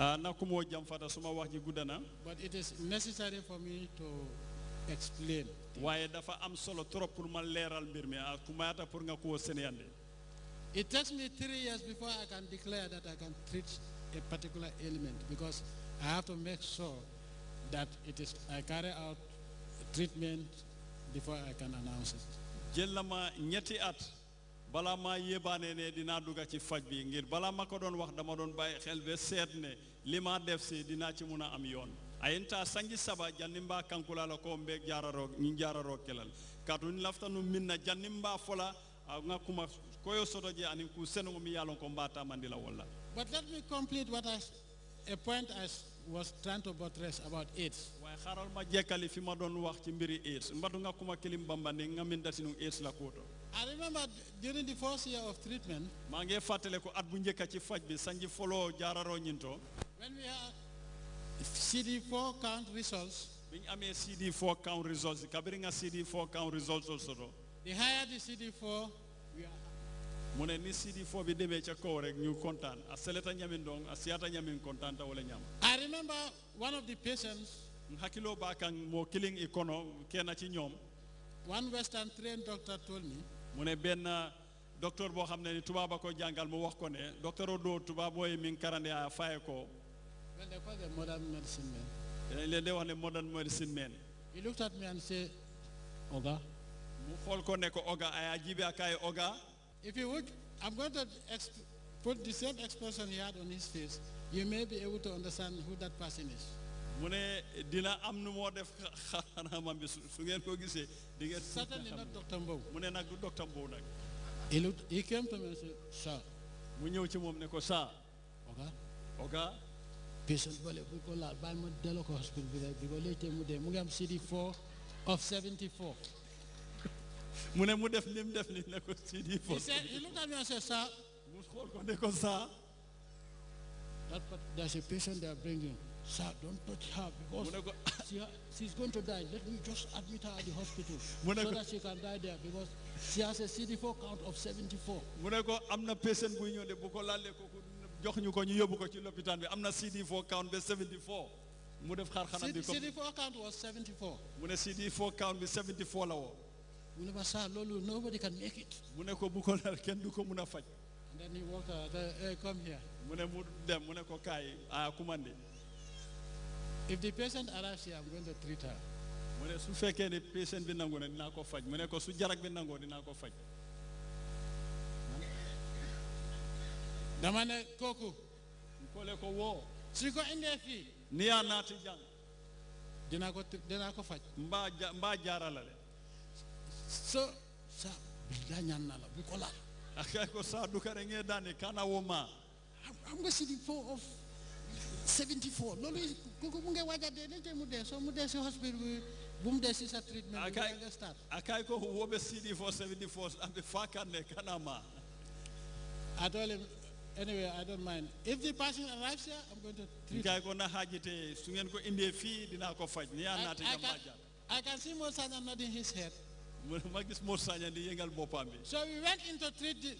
Ah, but it is necessary for me to explain. Waaye ah, It takes me three years before I can declare that I can treat a particular element because I have to make sure that it is I carry out treatment before I can announce it balaa maa yébaane ne dinaa dugg ci faj bi ngir balaa ma ko wax dama doon bàyyi xel ba seet ne li maa def si dinaa ci mun am yoon ayinta sanji saba jannimba kankulala ko mbe jararo ñin jararo kelal katun laftanu minna jannimba fola nga kuma koyo soto je anin ku senengo mi yalon ko mbata mandila walla but let me complete what I, a point I was trying to buttress about AIDS way xaral ma jekkali fi AIDS mbatu kuma kilim bambande nga AIDS la I remember during the first year of treatment. Mangi ngi fàttale ko at bu njëkk ci faj bi sanji foloo jaararoo ñinto. when we have CD4 count results. bi ñu CD4 count results kabiri nga CD4 count results o soto. the higher the CD4 we are. mu ni CD4 bi demee ca kaw rek ñu kontaan a seleta ñamin dong a siyata ñamin kontaan wala ñam. I remember one of the patients. hakkiloo baa kan mo killing i kena kenn ci ñoom. one western trained doctor told me mu ne euh, docteur boo xam ni tubaab a jàngal mu wax ko ne docteur Odo tubaab booy mi karande a faye ko. When they call them modern medicine men. Dañ leen wax ne modern medicine men. He looked at me and said, Oga. Mu xool ko ne ko Oga ay ajibi ak Oga. If you would, I'm going to put the same expression he had on his face. You may be able to understand who that person is. Mune dina am nu moo def xanaamam bi su ngeen ko gisee di ngeen certainly not docteur Mbow mu ne du docteur Mbow nag he looked he came to me and said sir mu ñëw ci moom ne ko sir oga oga patient bële bu ko laal baal ma delloo ko hospital bi rek bi ko léetee mu dee mu ngi am CD4 of 74 mu ne mu def lim def li ne ko CD4 he said he looked at me and said sir mu xool ko ne ko sir that there's a patient they are bringing Sir, don't touch her because she, she's going to die. Let me just admit her at the hospital so that she can die there because she has a CD4 count of 74. jox ñu ko ñu yóbbu ko ci lopitaan bi am na CD4 count ba 74 mu def xar xanam bi comme CD4 count was 74 mu ne CD4 count bi 74 la woo mu ne ma saa loolu nobody can make it mu ne ko bu ko lal kenn du ko mun a faj and then he walked out uh, uh, come here mu ne mu dem mu ne ko kaay a ah, commandé if the patient arrives here, I'm going to treat her. mu ne su fekkee ne patient bi nangu ne dinaa ko faj mu ne ko su jarak bi nangoo dinaa ko faj. dama ne kooku. koole ko woo. su ko indee fii. ni yaa naati jàng. dinaa ko dinaa ko faj. mbaa ja mbaa jaara la de. so I am going to la bu ko laal. ak ko saa du ko rek ngeen daane kana wo maa. xam nga si di foo of. 74 No, CD for 74 kanama I told him anyway I don't mind if the person arrives here I'm going to treat kay I can see more nodding his head so we went into to treat the,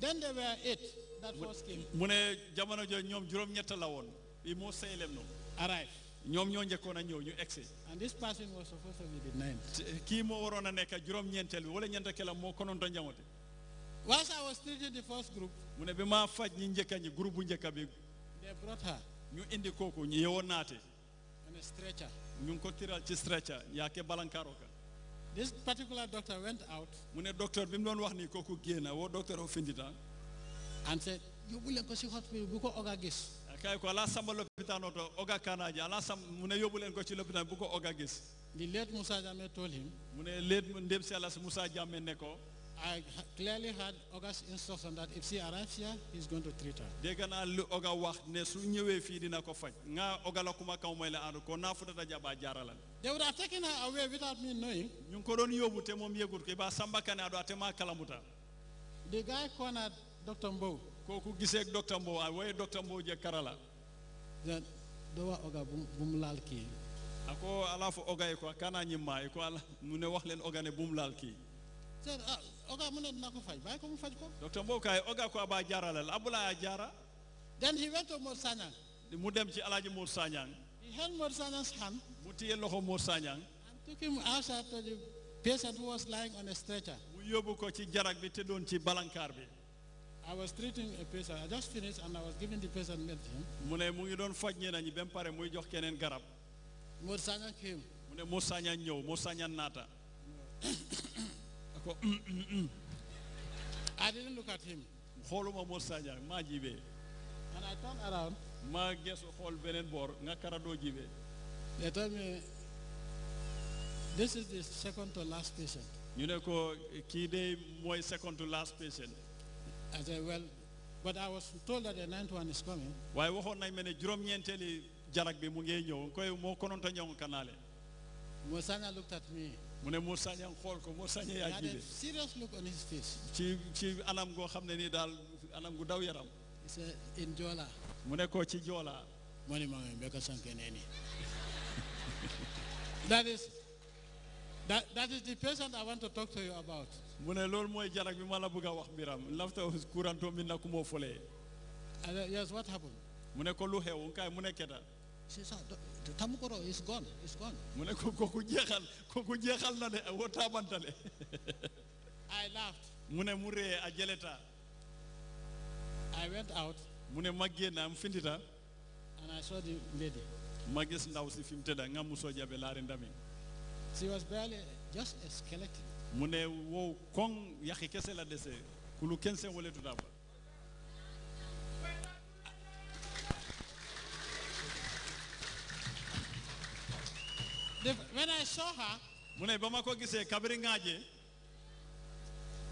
then they were eight that first came. Mu ne jamono jo ñom juroom ñett la won. Bi mo seelem no. Arrive. ñoom ñoo njëkkoon a ñëw ñu exe and this person was supposed to be the ninth kii moo waroon a nekk juróom ñeenteel bi wala ñent kela moo konoon do njamote was i was treated the first group mu ne bi maa faj ñi njëkka ñi groupe bu njëkka bi they brought her ñu indi kooku ñu yewoon naate and a stretcher ñu ko tiral ci stretcher yaa ke balankaaro ka this particular doctor went out mu ne docteur bi mu doon wax ni kooku génn wo docteur of finditan and said, You will go see hospital, go oga gis. kay ko ala samba lopitaan oto oga kanaji ala sam mu ne yóbbu leen ko ci lopitaan bu ko oga gis the late Musa Jammeh told him mu late ndem si ala Musa Jammeh ne I clearly had August instruction that if she arrives here, he's going to treat her. Dega na lu oga wax ne su ñewé fi dina ko faj. Nga oga la kuma kaw may ko na futa da jaba jarala. They would have taken her away without me knowing. Ñu ko don yobu mom yegut ke ba samba kané adu atema kalamuta. The guy cornered docteur Mbow kooku gisee ak docteur Mbow a ah, Doctor docteur Mbow je karala do wa oga bu mu laal kii ako ah, ala fo oga yi ko kana ñimma yi ko ala mu ne wax leen oga ne bu mu laal ah, oga mu ne dina ko faj bàyyi ko mu faj ko docteur Mbow kaay oga ko aba jaara la abula Jara? then he went to Mor Sagnang mu dem ci alaaji Mor he held Mor hand mu téye loxo Mor and took him outside to the patient who was lying on a stretcher mu yóbbu ko ci jarak bi te doon ci balankaar bi I was treating a patient. I just finished and I was giving the patient medicine. mu ne mu ngi doon faj ñeneen ñi pare muy jox keneen garab. Mor Sanya came. mu ne Mor Sanya ñëw Mor Sanya naata. ko mm, mm, mm. I didn't look at him. xooluma Mor Sanya maa jiibee. And I turned around. maa gesu xool beneen boor nga kara doo jiibee. They told me this is the second to last patient. ñu ne ko kii de mooy second to last patient. I said, well, but I was told that the ninth one is coming. Why waxoon nañ ma ne juróom-ñeenteeli jarak bi mu ngi ñëw koy moo konoon ta ñëw kanaale. Mosanya looked at me. mu ne Mosanya xool ko Mosanya had a serious look on his face. ci ci anam go hamne ni dal anam gu daw yaram. he said in Joola. mu ne ko ci Joola. mu ne maa ngi mbéka sànke nee thats that is that that is the person I want to talk to you about mu ne loolu jarak bi ma bëgg wax mbiram lafta kuranto min na ku moo and uh, uh, yes what happened mu ko lu xew kay keta c'est ça tamukoro is gone is gone mu ne ko kooku jeexal na de I laughed mu mu a jeleta I went out mu am findita and I saw the lady ma ndaw si fi mu tëdda nga jabe ndami she was barely just a skeleton kese la dese kulu kense when I saw her, ko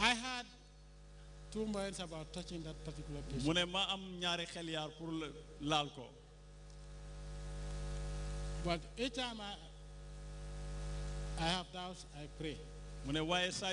I had two minds about touching that particular place. ma am ñaari xel pour ko. But each time I, I have doubts, I pray mu ne waaye saa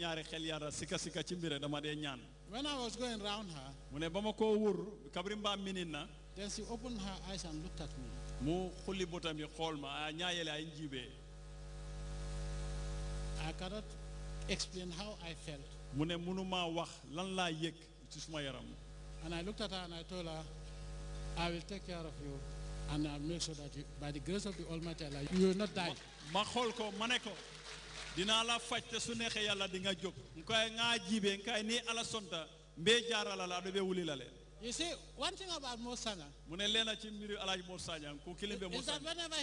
ñaari xel yàlla sika sika ci mbir dama dee ñaan. when I was going round her. mu ne ba ma koo kabri mbaa minin then she opened her eyes and looked at me. mu xulli bëtam yi xool ma ñaayele ah, ay ah, njiibee. I cannot explain how I felt. mu ne wax lan laa yëg ci suma yaram. and I looked at her and I told her I will take care of you and I'll make sure that you, by the grace of the Almighty Allah you will not die. ma xool ko ma dinaa la faj te su neexee yàlla di nga jóg nkaay ngaa jiibee nkaay nii ala sonta mbee jaarala la aɗo ɓe wulila leen You see, one thing about Mo is that whenever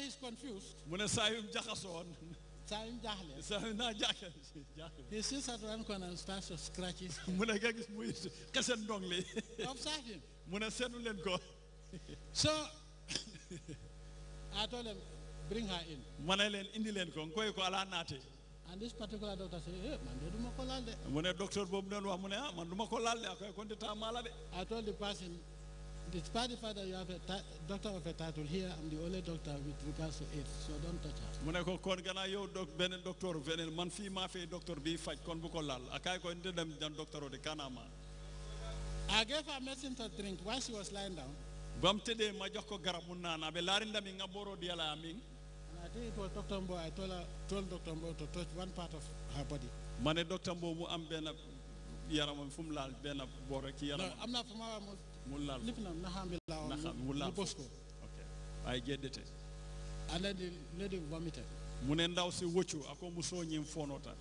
he's confused, he sits at one corner and starts to scratch his Observe him. So, I told him, bring her in and this particular doctor say eh man de duma ko de mu ne docteur boobu doon wax mu ne man duma ko de akoy konti taamaa la de I told the person despite the fact that you have a doctor of a title here I'm the only doctor with regards to it so don't touch us mu ne ko kon gannaaw yow doc beneen docteur beneen man fii maa fee docteur bii faj kon bu ko akay koy nte dem jan docteur de kanama I gave her medicine to drink while she was lying down bam tëddee ma jox ko garab mu naan abe laari ndami di yàlla amin I think it was Dr. Mbo, I told, her, told Dr. Mbo to touch one part of her body. Mane Dr. Mbo mu am ben yaramam fum lal ben bor rek yaram. am na fuma mu lal. Lipna na ham la on. Na ham mu lal. Bosko. Okay. Ay jeddete. And then the lady vomited. Mu ne ndaw si woccu ako mu so ñim fonota.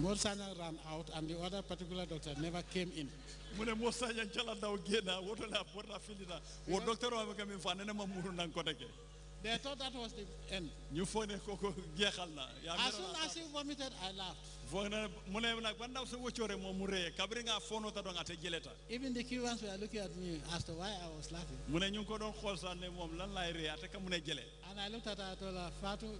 Mosanya ran out and the other particular doctor never came in. Mune Mosanya chala daw gena wotola porta filina. Wo doctor wa kami fanene mamuru nan koteke. They thought that was the end. as soon as he vomited I laughed. even the Cubans were looking at me as to why I was laughing. and I looked at her I told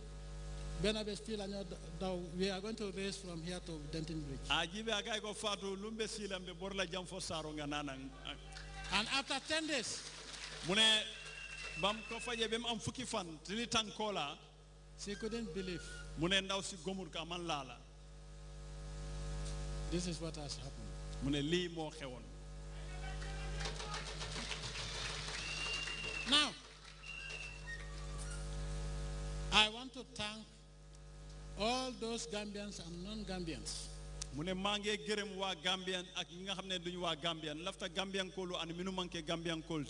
her we are going to race from here to Denton Bridge. Ah, and after 10 days bam ko fajee ba am fukki fan ti li tànkoo la she couldn't believe Munenda ne ndaw si gomul ka man this is what has happened mu ne lii one. now I want to thank all those Gambians and non-Gambians Munemange ne gërëm Gambian ak ñi nga Gambian lafta Gambian kolo and minu Gambian kool